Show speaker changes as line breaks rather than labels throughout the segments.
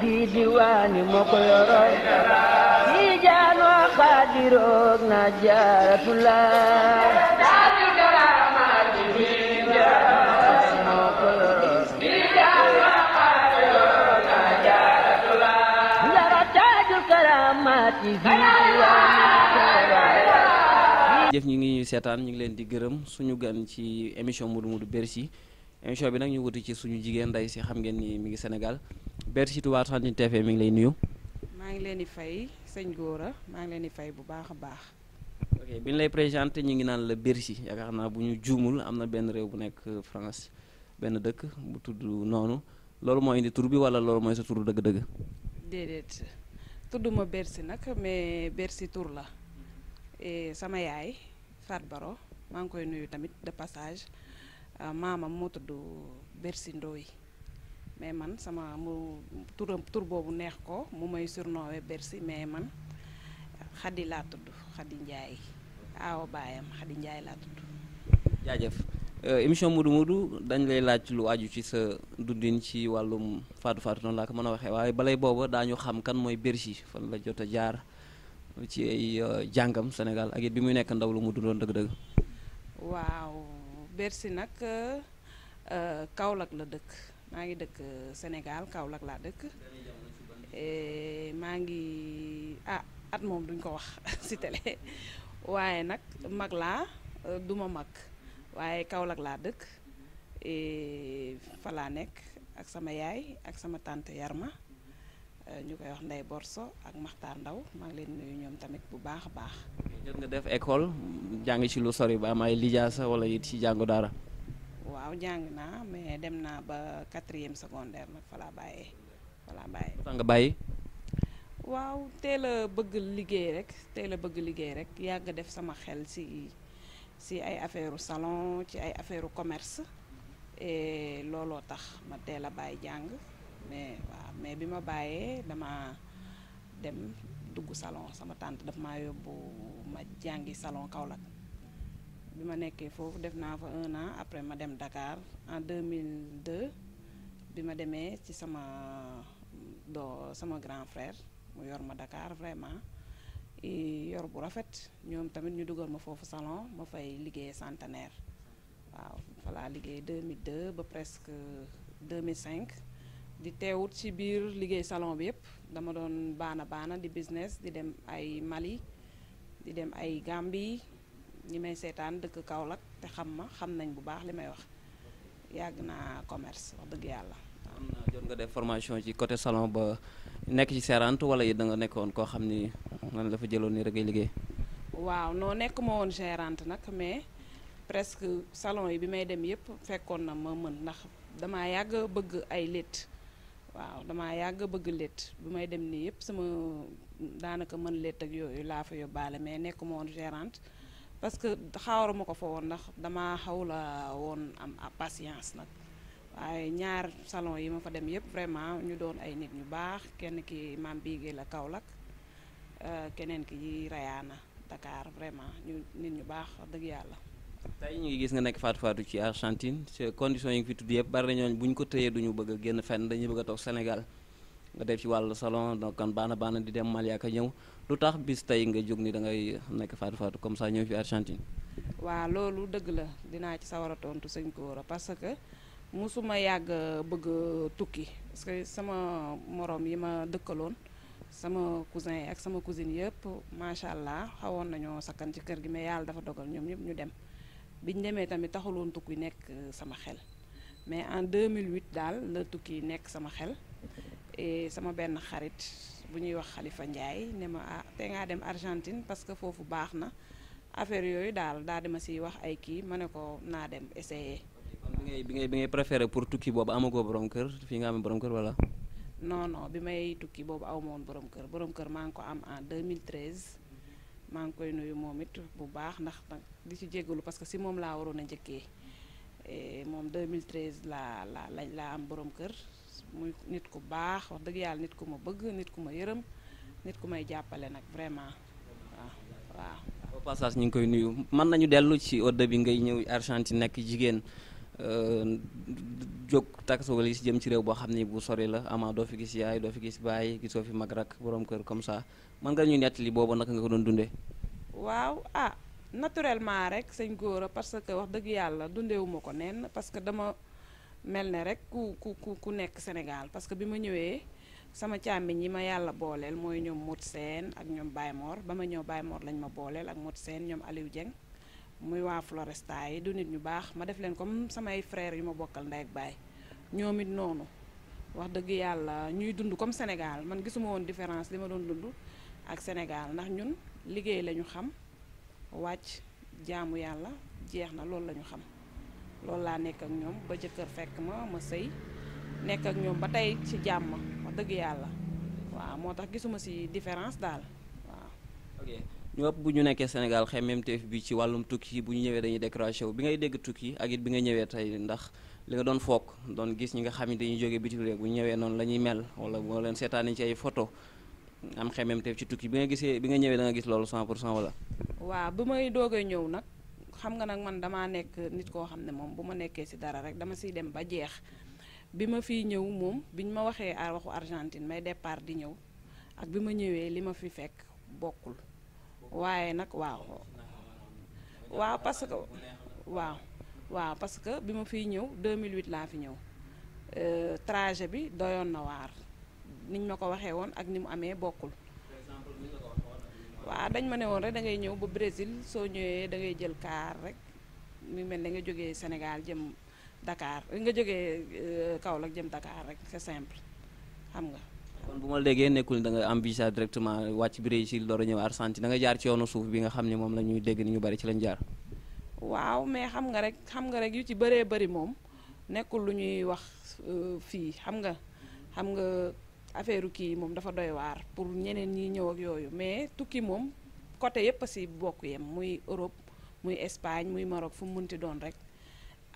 fii diwaani moo ko yoroon yi jaanoo xaadiroog na jaaratulaa jëf
ñi ngi ñuy seetaan ñu ngi leen di gërëm suñu gan ci émission Modou Modou Bercy émission bi nag ñu wuti ci suñu jigéen nday si xam ngeen nii mi ngi Sénégal Bercy Touba Argentine TV mi ngi lay nuyu.
maa ngi leen di fay sëñ Gora maa ngi leen di fay bu baax a baax.
bi ñu lay présenté ñu ngi naan la Bercy yaakaar naa bu ñu juumul am na benn réew bu nekk France benn dëkk bu tudd noonu loolu moo indi tur bi wala loolu mooy sa tur dëgg-dëgg.
déedéet tudduma Bercy nag mais Bercy tur la sama yaay Fat Baro maa ngi koy nuyu tamit de passage. Euh, maamam moo tudd Bercy Ndoye mais man sama mu turam tur boobu neex ko mu may surnoowee Bercy mais man Xadi laa tudd Xadi Njaay aawa baayam Xadi Njaay laa tudd
jaajëf euh, émission Modou Modou dañ lay laaj lu aju ci sa dundin ci wàllum faatu faatu noonu laa ko mën a waxee waaye balay booba daañu xam kan mooy Bercy fan la jot a jaar ci ay euh, jàngam Sénégal ak it bi muy nekk ndaw lu mu dundoon dëgg-dëgg
waaw Bercy nag euh, euh, Kaolack la dëkk maa ngi dëkk euh, Sénégal Kaolack laa dëkk maa ngi ah at moom duñ ko wax ci télé waaye nag mag laa duma mag waaye Kaolack laa dëkk fa nekk ak sama yaay ak sama tante Yarma Euh, ñu koy wax Ndey Borso ak Maxtaar Ndaw maa ngi leen nuyu ñoom tamit bu baax a baax.
jot nga def école jàng ci lu sori ba am ay lijaasa wala it ci jàngu dara.
waaw jàng naa mais dem naa ba quatrième secondaire nag fa laa bàyyee fa laa
bàyyee. nga bàyyi.
waaw teel a bëgg liggéey rek teel a bëgg liggéey rek yàgg def sama xel ci ci ay affaire salon ci ay affaire commerce et looloo tax ma teel a bàyyi jàng mais waaw. mais bi ma bàyyee dama dem dugg salon sama tante daf ma yóbbu ma jàngi salon Kaolack bi ma nekkee foofu def naa fa un an après ma dem dakaar en deux bi ma demee ci sama doo sama grand frère mu yor ma Dakar vraiment yor bu rafet ñoom tamit ñu dugal ma foofu salon ma fay liggéey centenaire waaw fa laa liggéey 2002 ba presque 2005 di teewut ci biir liggéey salon bi yëpp dama doon baana baana di business di dem ay Mali di dem ay Gambie ñi may seetaan dëkk Kaolack te xam ma xam nañ bu baax li may wax yàgg naa commerce wax dëgg yàlla.
am formation ci côté salon ba nekk ci gérante wala yi danga nekkoon koo xam ni man la fa jëloon ni rek ngay liggéey.
waaw noo nekk ma woon gérante nag mais presque salon yi bi may dem yëpp fekkoon na ma mën ndax dama yàgg bëgg ay létt waaw damaa yàgg bëgg létt bu may dem nii yëpp sama daanaka mën létt ak yooyu laa fa yóbbaale mais nekk ma woon gérante parce que xawara ko fa woon ndax damaa xawla woon am patience nag waaye ñaar salon yi ma fa dem yëpp vraiment ñu doon ay nit ñu baax kenn ki maam biigee la Kaolack euh, keneen ki yi rayaana Dakar vraiment ñu nit ñu baax dëgg yàlla
tey ñu ngi gis nga nekk faatu faatu ci Argentine condition yi nga fi tudd yëpp bari na ñooñu bu ñu ko tëyee ñu bëgg a génn fenn dañuy bëgg a toog Sénégal nga def ci wàllu salon donc baana baana di dem Mali ak a ñëw lu tax bis tey nga jóg ni da ngay nekk faatu faatu comme ça ñëw fi Argentine.
waa loolu dëgg la dinaa ci sawar a tontu sëñ a parce que musuma yàgg bëgg tukki parce que sama morom yi ma dëkkaloon sama cousin ak sama cousine yëpp macha allah xawoon nañoo sakkan kër gi mais yàlla dafa dogal ñoom ñëpp ñu dem. biñ demee tamit taxuloon tukki nekk euh, sama xel mais en mille 2008 daal la tukki nekk sama xel et sama benn xarit bu ñuy wax Xalifa Ndiaye ne ma ah te ngaa dem Argentine parce que foofu baax na affaire yooyu daal daa di ma siy wax ay kii ma ne ko naa dem essayer.
bi ngay bi ngay bi ngay préféré pour tukki boobu amagoo borom kër fii nga amee borom kër wala.
non non bi may tukki boobu aw ma woon borom kër borom kër maa ngi ko am en 2013. maa ngi koy nuyu moom it bu baax ndax di ci jéggalu parce que si moom laa waroon a njëkkee eh, moom deux laa la lañ laa am borom kër muy nit ku baax wax dëgg yàlla nit ku ma bëgg nit ku ma yërëm nit ku may jàppale nag vraiment waaw waaw. au
passage ñu ngi koy nuyu mën nañu dellu ci au bi ngay ñëw Argentine nekk jigéen. Euh, jóg takkasogal yi si jëm ci réew boo xam ni bu sori la ama doo fi gis yaay doo fi gis baay gisoo fi mag rak borom kër comme ça mën nga ñu nettali boobu naka nga ko doon dundee.
waaw ah naturellement rek sëñ góora parce que wax dëgg yàlla dundeewu ma ko nen parce que dama mel ne rek ku ku ku nekk Sénégal parce que bi ma ñëwee sama càmmiñ yi ma yàlla booleel mooy ñoom Mout Seen ak ñoom Baymor ba ma ñëw Baymor lañ ma booleel ak Mout Seen ñoom Aliou Dieng. muy waa Floresta yi du nit ñu baax ma def leen comme samay frères yu ma bokkal ndey ak baay ñoom it noonu wax dëgg yàlla ñuy dund comme Sénégal man gisuma woon différence li ma doon dund ak Sénégal ndax ñun liggéey la ñu xam wàcc jaamu yàlla jeex na loolu la ñu xam loolu laa nekk ak ñoom ba jëkkër fekk ma ma sëy nekk ak ñoom ba tey ci jàmm wax dëgg yàlla waaw moo tax gisuma si différence daal waaw.
ñu ëpp bu ñu nekkee Sénégal xemmemteef bi ci wàllum tukki bu ñu ñëwee dañuy décroché wu bi ngay dégg tukki ak it bi nga ñëwee tey ndax li nga doon foog doon gis ñi nga xam ne dañuy jógee bitim réew bu ñu la ñuy mel wala boo leen seetaanee ci ay photo am xemmemteef ci tukki bi nga gisee bi nga ñëwee da gis loolu 100 pour cent wala.
waaw bu may doogee ñëw nag xam nga nag man damaa nekk nit koo xam ne moom bu ma nekkee si dara rek dama siy dem ba jeex bi ma fiy ñëw moom bi ñu ma waxee waxu Argentine may départ di ñëw ak bi ma ñëwee li ma fi fekk bokkul waaye nag waaw waaw parce que waaw waaw parce que bi ma fiy ñëw 2008 laa fi ñëw euh, trajet bi doyoon na waar niñ ma ko waxee woon ak ni mu amee bokkul waaw dañ ma ne woon rek da ngay ñëw ba Brésil soo ñëwee da ngay jël kaar rek mu mel ne nga jógee Sénégal jëm Dakar nga jóge jógee euh, Kaolack jëm dakaar rek c'est simple xam nga kon bu
ma déggee nekkul da nga envisager directement wàcc Brésil door a ñëw Argentine da nga jaar ci yoonu suuf bi nga xam ne moom la ñuy dégg ni ñu bari ci lañ jaar.
waaw mais xam nga rek xam nga rek yu ci bëree bëri moom nekkul lu ñuy wax euh, fii xam nga xam nga affaire kii moom dafa doy waar pour ñeneen ñi ñëw ak yooyu mais tukki moom côté yépp a si bokk yem muy Europe muy Espagne muy Maroc fu mu munti doon rek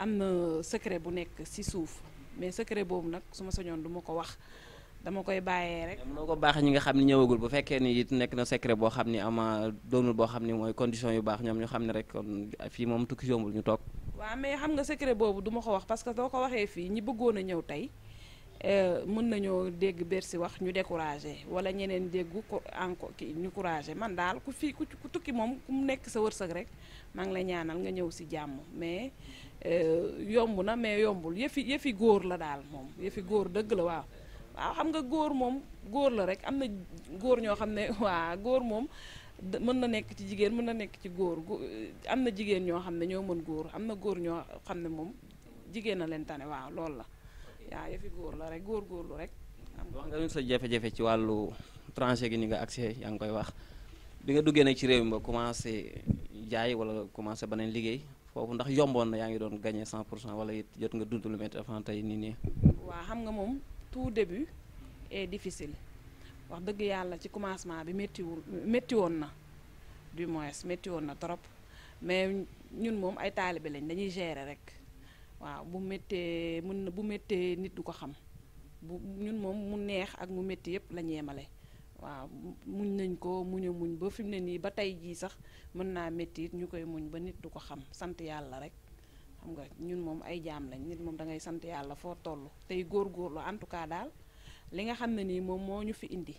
am na secret bu nekk si suuf mais secret boobu nag su ma sañoon du ma ko wax. dama koy bàyyee rek. mënoo ko baax ñi nga
xam ne ñëwagul bu fekkee ni it nekk na secret boo xam ni ama doonul boo xam ni mooy condition yu baax ñoom ñu xam ne rek fii moom tukki yombul ñu toog.
waaw mais xam nga secret boobu du ko wax parce que soo ko waxee fii ñi bëggoon a ñëw tey euh, mën nañoo dégg Bercy wax ñu découragé wala ñeneen déggu ko encore ki ñu couragé man daal ku fii ku tukki moom ku mu nekk sa wërsëg rek maa ngi la ñaanal nga ñëw si jàmm mais euh, yomb na mais yombul yëfi yëfi góor la daal moom yëfi góor dëgg la waaw. waaw xam nga góor moom góor la rek am na góor ñoo xam ne waa góor moom mën na nekk ci jigéen mën na nekk ci góor am na jigéen ñoo xam ne ñoo mën góor am na góor ñoo xam ne moom jigéen na leen tane waaw loolu la waaw yëfi góor la rek góor góorlu rek.
wax nga sa jafe-jafe ci wàllu tranché gi ni nga accès yaa ngi koy wax bi nga duggee nag ci réew ba commencé jaay wala commencé beneen liggéey foofu ndax yomboon na yaa ngi doon gañe 100 pour cent wala it jot nga dund lu métti avant tey nii nii.
waaw xam nga moom tout début est difficile wax dëgg yàlla ci commencement bi méttiwul métti woon na du moins métti na trop mais ñun moom ay taalibe lañ dañuy gérer rek waaw bu méttee mën na bu méttee nit du ko xam bu ñun moom mu neex ak mu métti yëpp la ñeemale waaw muñ nañ ko muñ a muñ ba fi mu ne nii ba tey jii sax mën naa métti it ñu koy muñ ba nit du ko xam sant yàlla rek xam nga ñun moom ay jaam lañ nit moom da ngay sant yàlla foo toll tey góorgóorlu en tout cas daal li nga xam ne nii moom moo ñu fi indi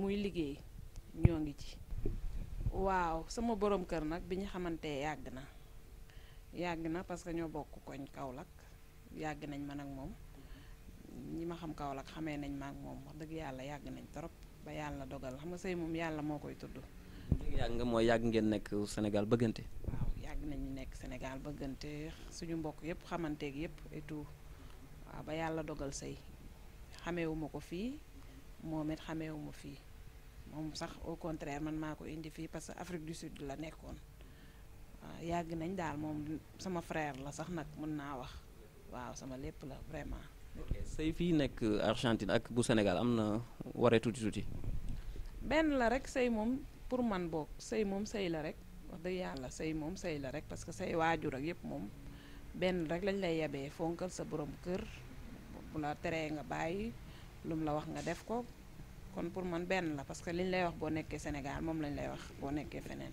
muy liggéey ñoo ngi ci waaw sama boroom kër nag bi ñu xamante yàgg na yàgg na parce que ñoo bokk koñ Kaolack yàgg nañ man ak moom ñi ma xam Kaolack xamee nañ maak ak moom dëgg yàlla yàgg nañ trop ba yàlla dogal xam nga sëy moom yàlla moo koy tudd.
yàgg nga mooy yàgg ngeen nekk Sénégal bëggante.
nañu nekk Sénégal bëggante suñu mbokk yëpp xamanteek yëpp et waaw ba yàlla dogal sëy xamewuma ko fii moom it xamewuma fii moom sax au contraire man maa ko indi fii parce que Afrique du Sud la nekkoon yàgg nañ daal moom sama frère la sax nag mën naa wax waaw sama lépp la vraiment.
sëy fii nekk Argentine ak bu Sénégal am na waree tuuti tuuti.
benn la rek sëy moom pour man boog sëy moom sëy la rek. wax dëgg yàlla sëy moom sëy la rek parce que say waajur ak yëpp moom benn rek lañ lay yebee fonkal sa borom kër bu la teree nga bàyyi lum la wax nga def ko kon pour man benn la parce que liñ lay wax boo nekkee Sénégal moom lañ lay wax boo nekkee feneen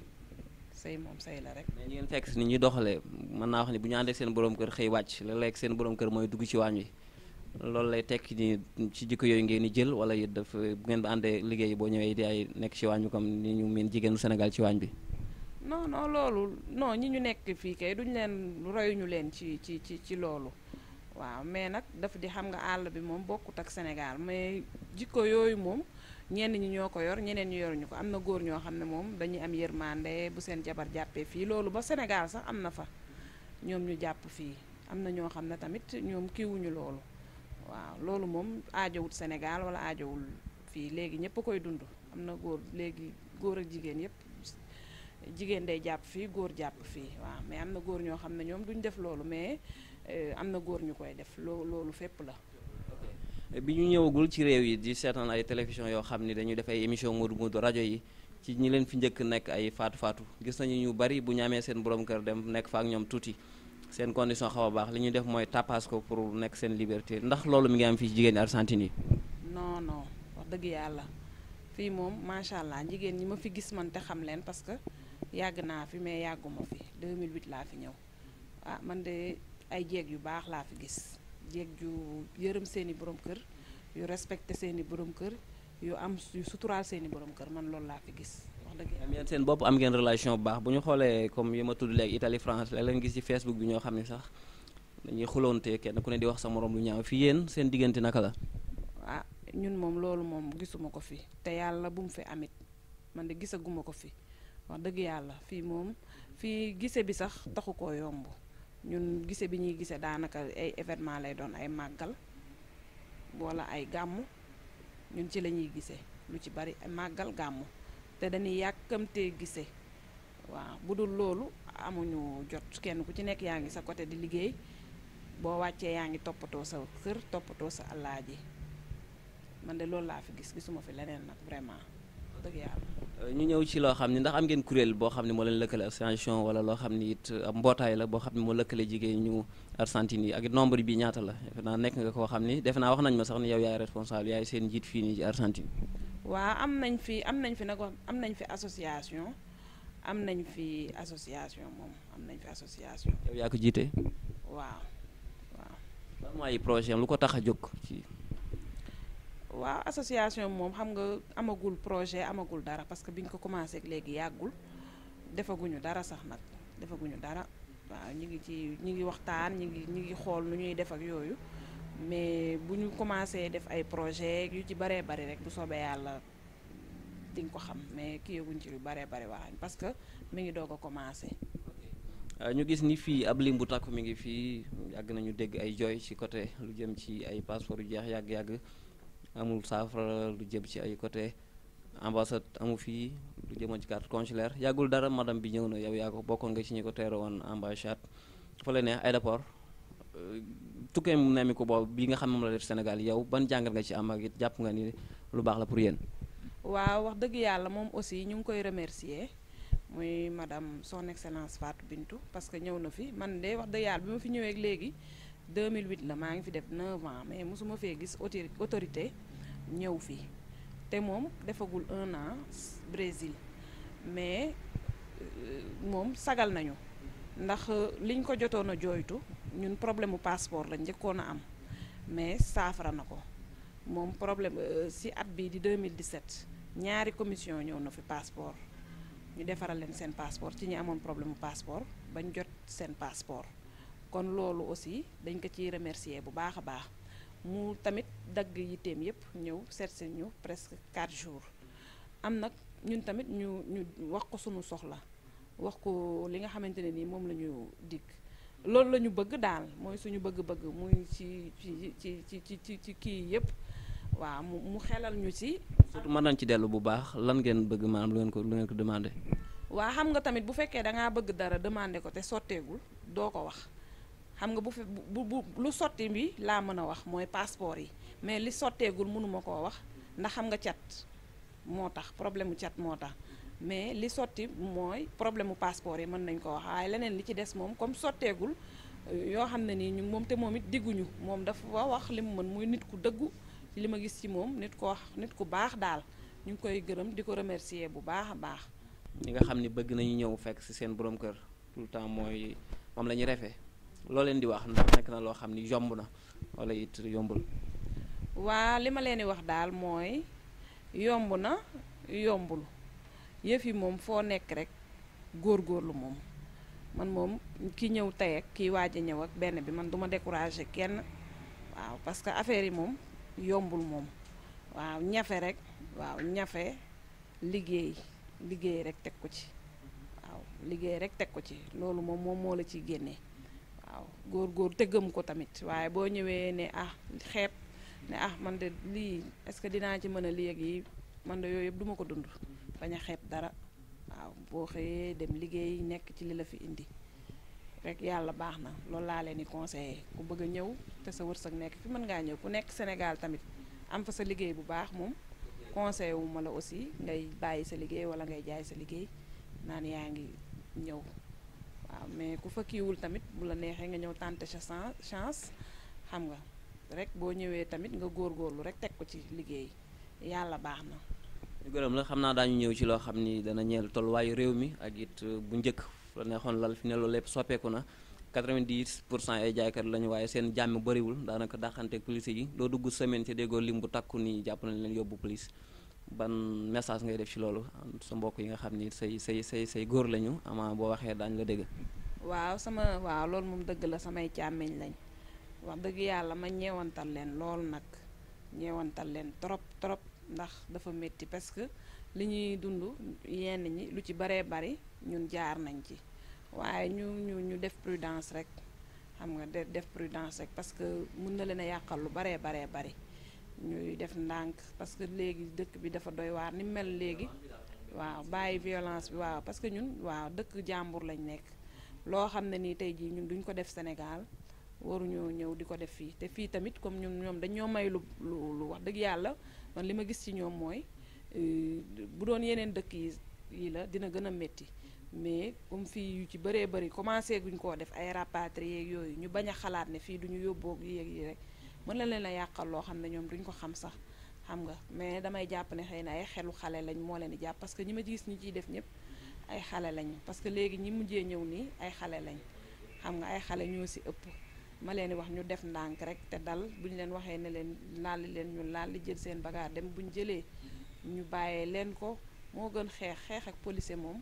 sëy moom sëy la rek. mais ngeen fekk si ni
ñuy doxalee mën naa wax ni bu ñu àndee seen borom kër xëy la lekk seen borom kër mooy dugg ci waañ wi loolu lay tekki ni ci jikko yooyu ngeen di jël wala it daf bu ngeen ba àndee liggéey boo ñëwee di nekk ci waañ bi comme ni ñu meen jigéen senegal ci waañ bi.
non non loolu non ñi ñu nekk fii kay duñ leen royuñu leen ci ci ci ci loolu waaw mais nag dafa di xam nga àll bi moom bokkut ak Sénégal mais jikko yooyu moom ñenn ñi ñoo ko yor ñeneen ñu yoruñu ko am na góor ñoo xam ne moom dañuy am yërmande bu seen jabar jàppee fii loolu ba Sénégal sax am na fa ñoom ñu jàpp fii am na ñoo xam ne tamit ñoom kiiwuñu loolu waaw loolu moom aajowul Sénégal wala aajowul fii léegi ñëpp koy dund am na góor léegi góor ak jigéen yëpp jigéen day jàpp fii góor jàpp fii waaw mais am na góor ñoo xam ne ñoom duñ def loolu mais euh, am na góor ñu koy def loo loolu fépp la.
bi ñu ñëwagul ci réew yi di seetaan ay télévision yoo xam ni dañuy def ay émission moodu moodu rajo yi ci ñi leen fi njëkk nekk ay faatu faatu gis nañu ñu bari bu ñu amee seen borom kër dem nekk fa ak ñoom tuuti seen condition xaw a baax li ñuy def mooy tapas ko pour nekk seen liberté ndax loolu mi ngi am fii jigéen ñi Argentine yi.
non macha allah jigéen ñi ma fi gis man xam leen parce que. yàgg naa fi mais yàgguma fi deux 2008 laa fi ñëw ah man de ay jéeg yu baax laa fi gis jéeg yu yërëm seeni borom kër yu respecté seeni borom kër yu am yu suturaal seeni borom kër man loolu laa fi gis wax dëgg am ngeen
seen bopp am ngeen relation bu baax bu ñu xoolee comme yi ma tudd léegi Italie France la leen gis ci Facebook bi ñoo xam ne sax dañuy xuloonte kenn ku ne di wax sa moroom lu ñaaw fi yéen seen diggante naka la
ah ñun moom loolu moom gisuma ko fi te yàlla bu fi amit man de gisaguma ko fi wax dëgg yàlla fii moom fii gise bi sax taxu koo yomb ñun gise bi ñuy gise daanaka ay événement lay doon ay màggal wala ay gàmmu ñun ci lañuy gise lu ci bari màggal gàmmu te dañuy yàkkamtee gise waaw bu dul loolu amuñu jot kenn ku ci nekk yaa ngi sa côté di liggéey boo wàccee yaa ngi toppatoo sa kër toppatoo sa alaaji man de loolu laa fi gis bi suma fi leneen nag vraiment dëgg yàlla
ñu ñëw ci loo xam ne ndax am ngeen kuréel boo xam ne moo leen lëkkale association wala loo xam ne it ab mbootaay la boo xam ne moo lëkkale jigéen ñu Argentine yi ak nombre bi ñaata la defe naa nekk nga koo xam ni defe naa wax nañ ma sax ni yow yaay responsable yaay seen njiit fii nii ci Argentine
waaw am nañ fi am nañ fi nag am nañ fi association am nañ fi association moom am nañ fi association yow yaa ko jiite waaw waaw
mooy projet lu ko tax a jóg ci
waaw association moom xam nga amagul projet amagul dara parce que nga ko commencé léegi yàggul defaguñu dara sax nag defaguñu dara waaw ñu ngi ci ñu ngi waxtaan ñu ngi ñu ngi xool nu ñuy def ak yooyu mais bu ñu commencé def ay projet yu ci baree bari rek bu soobee yàlla di nga ko xam mais kii yëguñ ci lu baree bari waa parce que mi ngi doog a commencé.
Euh, ñu gis ni fii ab lim bu takku mi ngi fii yàgg nañu dégg ay jooy ci côté lu jëm ci ay passeport yu jeex yàgg-yàgg. amul saafara lu jëm ci ay côté ambassade amu fii lu jëmoon ci carte consulaire yàggul dara madame bi ñëw na yow yaa ko bokkoon nga ci ñu ko teere woon ambassade fa la neex aéroport euh, tukkee mu nemmi ko boobu bi nga xam moom la def Sénégal yow ban jàngat nga ci am ak it jàpp nga ni lu baax la pour yéen.
waaw wax dëgg yàlla moom aussi ñu ngi koy remercier muy madame son excellence Fatou Bintou parce que ñëw na fi man de wax dëgg yàlla bi ma fi ñëwee léegi. 2008 la maa ngi fi def 9 ans mais mosuma fee gis autorité ñëw fii te moom defagul un an Brésil mais euh, moom sagal nañu ndax euh, liñ ko jotoon a jooytu ñun problème mu passeport la njëkkoon a am mais saafara na ko moom problème euh, si at bii di 2017 ñaari commission ñëw na fi passeport ñu defaral leen seen passeport ci ñi amoon problème mu passeport bañ jot seen passeport kon loolu aussi dañ ko ciy remercier bu baax a baax mu tamit dagg yitteem yëpp ñëw seet seetsi ñu presque 4 jours am nag ñun tamit ñu ñu wax ko sunu soxla wax ko li nga xamante ne nii moom la ñu dikk loolu la ñu bëgg daal mooy suñu bëgg-bëgg muy ci ci ci ci ci ci kii yëpp waaw mu mu xelal ñu si surtout mën
nañ ci dellu bu baax lan ngeen bëgg maam lu ngeen ko lu
waa xam nga tamit bu fekkee da ngaa bëgg dara demandé ko te sotteegul doo ko wax. xam nga bu fi bu bu lu sotti bi laa mën a wax mooy passeport yi mais li sotteegul mënuma koo wax ndax xam nga cat moo tax problème mu cat moo tax mais li sotti mooy problème mu passeport yi mën nañ ko wax waaye leneen li ci des moom comme sotteegul euh, yoo xam ne nii ñu moom te moom it digguñu moom dafa wax li mu mën muy nit ku dëggu li ma gis ci moom nit ko wax nit ku baax daal ñu ngi koy gërëm di ko remercier bu baax a baax.
ñi nga xam ni bëgg nañu ñëw fekk ci seen borom kër temps mooy moom la ñu refee loo leen di wax ndax nekk na loo xam ni yomb na wala it yombul.
waaw li ma leen di wax daal mooy yomb na yombul yëf yi moom foo nekk rek góorlu moom man moom ki ñëw tey ak kii waaj a ñëw ak benn bi man duma décourager kenn waaw parce que affaire yi moom yombul moom waaw ñafe rek waaw ñafe liggéey liggéey rek teg ko ci waaw liggéey rek teg ko ci loolu moom moom moo la ciy génnee. waaw góor-góor te ko tamit waaye boo ñëwee ne ah xeeb ne ah man de lii est-ce que dinaa ci mën a lii ak yi man de yooyu yëpp duma ko dund bañ a xeeb dara waaw boo xëyee dem liggéey nekk ci li la fi indi rek yàlla baax na loolu laa leen di conseiller ku bëgg a ñëw te sa wërsëg nekk fi mën ngaa ñëw ku nekk Sénégal tamit am fa sa liggéey bu baax moom conseiller wu ma la aussi ngay bàyyi sa liggéey wala ngay jaay sa liggéey naan yaa ngi ñëw waaw mais ku fa kiiwul tamit bu la neexee nga ñëw tenter sa chance xam nga rek boo ñëwee tamit nga góor góorlu rek teg ko ci liggéey yàlla baax na.
ñu gërëm la xam naa daañu ñëw ci loo xam ni dana ñeel tolluwaayu réew mi ak it euh, bu njëkk fu la neexoon lal fi ne loolu lépp soppeeku na. 90 pour cent ay jaaykat lañu waaye seen jàmm bëriwul daanaka dàqante police yi loo dugg semaine ci déggoo lim bu takku nii jàpp nañ leen yóbbu police ban message ngay def ci loolu sa mbokk yi nga xam ni say say say say góor lañu ama boo waxee daañu la dégg.
waaw sama waaw loolu moom dëgg la samay càmmiñ lañ wax dëgg yàlla ma ñeewantal leen loolu nag ñeewantal leen trop trop ndax dafa métti parce que li ñuy dund yenn ñi lu ci baree bari ñun jaar nañ ci waaye ñu ñu ñu def prudence rek xam nga def prudence rek parce que mun na leen a yàqal lu baree baree bari. ñuy def ndànk parce que léegi dëkk bi dafa doy waar ni mel léegi waaw bàyyi violence bi waaw parce que ñun waaw dëkk jàmbur lañ nekk loo xam ne nii tey jii ñun duñ ko def Sénégal waruñoo ñëw di ko def fii te fii tamit comme ñun ñoom dañoo may lu lu wax dëgg yàlla man li ma gis ci ñoom mooy euh, bu doon yeneen dëkk yi yi la dina gën a métti mais comme fii ci bëree bëri commencé guñ koo def ay rapatrié yeeg yooyu ñu bañ a xalaat ne fii duñu yóbboo yeeg yi rek mën na leen a yàqal loo xam ne ñoom duñ ko xam sax xam nga mais damay jàpp ne xëy na ay xelu xale lañ moo leen di jàpp parce que ñi ma gis ñi ciy def ñëpp ay xale lañ parce que léegi ñi mujjee ñëw nii ay xale lañ xam nga ay xale ñoo si ëpp ma leen di wax ñu def ndànk rek te dal bu ñu leen waxee ne leen laal leen ñu laal li jël seen bagaa dem bu ñu jëlee ñu bàyyee leen ko moo gën xeex xeex ak policier moom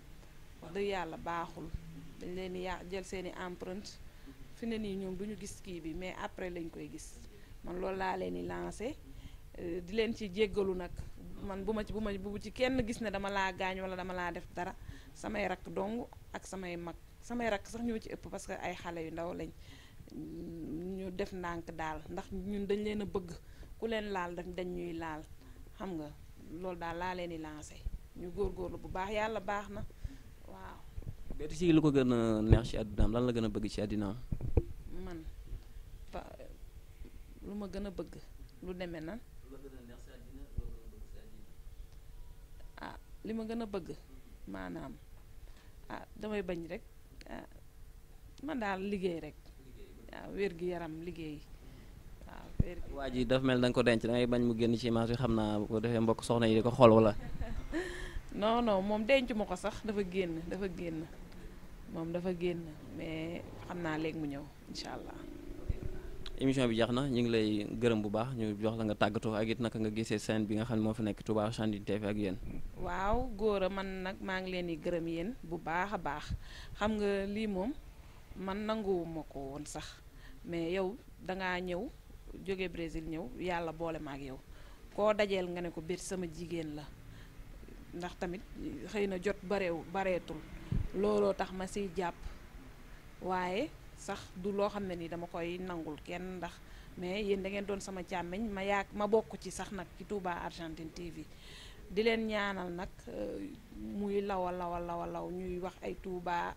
wax dëgg yàlla baaxul dañ leen di jël seen i empreinte fi ne nii ñoom du ñu gis kii bi mais après lañ koy gis man loolu laa leen di lancé euh, di leen ci jéggalu nag man bu ma ci bu ma bu ci kenn gis ne dama laa gaañ wala dama laa def dara samay rakk dong ak samay mag samay rakk sax ñoo ci ëpp parce que ay xale yu ndaw lañ ñu def ndànk daal ndax ñun dañ leen a bëgg ku leen laal dañ ñuy laal xam nga loolu daal laa leen di lancé ñu góorlu bu baax yàlla baax na waaw.
Betty si lu ko gën a neex ci àddinaam lan la gën a bëgg ci àddinaam.
man lu ma gën a bëgg lu demee nan ah li ma gën a bëgg maanaam ah damay bañ rek ah man daal liggéey rek waaw wér gi yaram liggéey waaw wér gi
waa ji dafa mel da ko denc dangay bañ mu génn ci image bi xam naa bu ko defee mbokk soxna yi di ko xool wala
non non moom denc ma ko sax dafa génn dafa génn moom dafa génn mais xam naa léegi mu ñëw incha allah
émission bi jax na ñu ngi lay gërëm bu baax ñu jox la nga tàggatoo ak it naka nga gisee scène bi nga xam ne moo fi nekk Touba Argentine TV ak yéen.
waaw góor man nag maa ngi leen di gërëm yéen bu baax a baax xam nga lii moom man nanguwuma ko woon sax mais yow dangaa ñëw jóge Brésil ñëw yàlla boole maa ak yow koo dajeel nga ne ko biir sama jigéen la ndax tamit xëy na jot bareew bareetul looloo tax ma siy jàpp waaye. sax du loo xam ne nii dama koy nangul kenn ndax mais yéen dangeen doon sama càmmiñ ma yàgg ma bokk ci sax nag ci tuubaa Argentine TV di leen ñaanal nag euh, muy law a law law ñuy wax ay tuubaa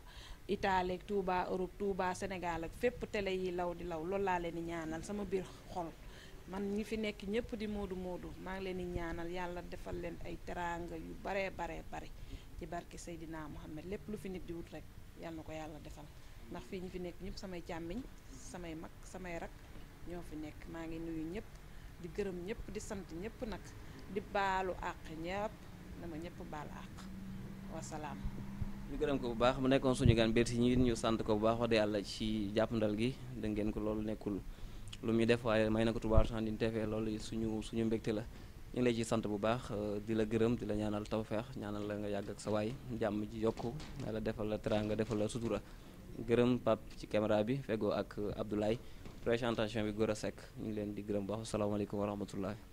Italie tuubaa Touba Europe Touba Sénégal ak fépp télé yi law di law loolu laa leen di ñaanal sama biir xol man ñi fi nekk ñëpp di moodu moodu maa ngi leen di ñaanal yàlla defal leen ay teraanga yu baree baree bari ci barke Seydina Mohamed lépp lu fi nit di wut rek yàlla ko yàlla defal ndax fii ñu fi nekk ñëpp samay càmmiñ samay mag samay rak ñoo fi nekk maa ngi nuyu ñëpp di gërëm ñëpp di sant ñëpp nag di baalu àq ñëpp dama ñëpp baal àq wasalaam
ñu gërëm ko bu baax mu nekkoon suñu gan bér si ñi ñu sant ko bu baax wax dëgg yàlla ci jàppandal gi da ngeen ko loolu nekkul lu muy def waaye may na ko Touba Argentine TV loolu suñu suñu mbégte la ñu ngi lay ci sant bu baax euh, di la gërëm di la ñaanal tawfeex ñaanal la nga yàgg ak sa waay jàmm ji yokku yàlla defal la teraanga defal la sutura gërëm Pape ci caméra bi fegoo ak Abdoulaye présentation bi a sekk ñu ngi leen di gërëm baax asalaamaaleykum wa rahmatullah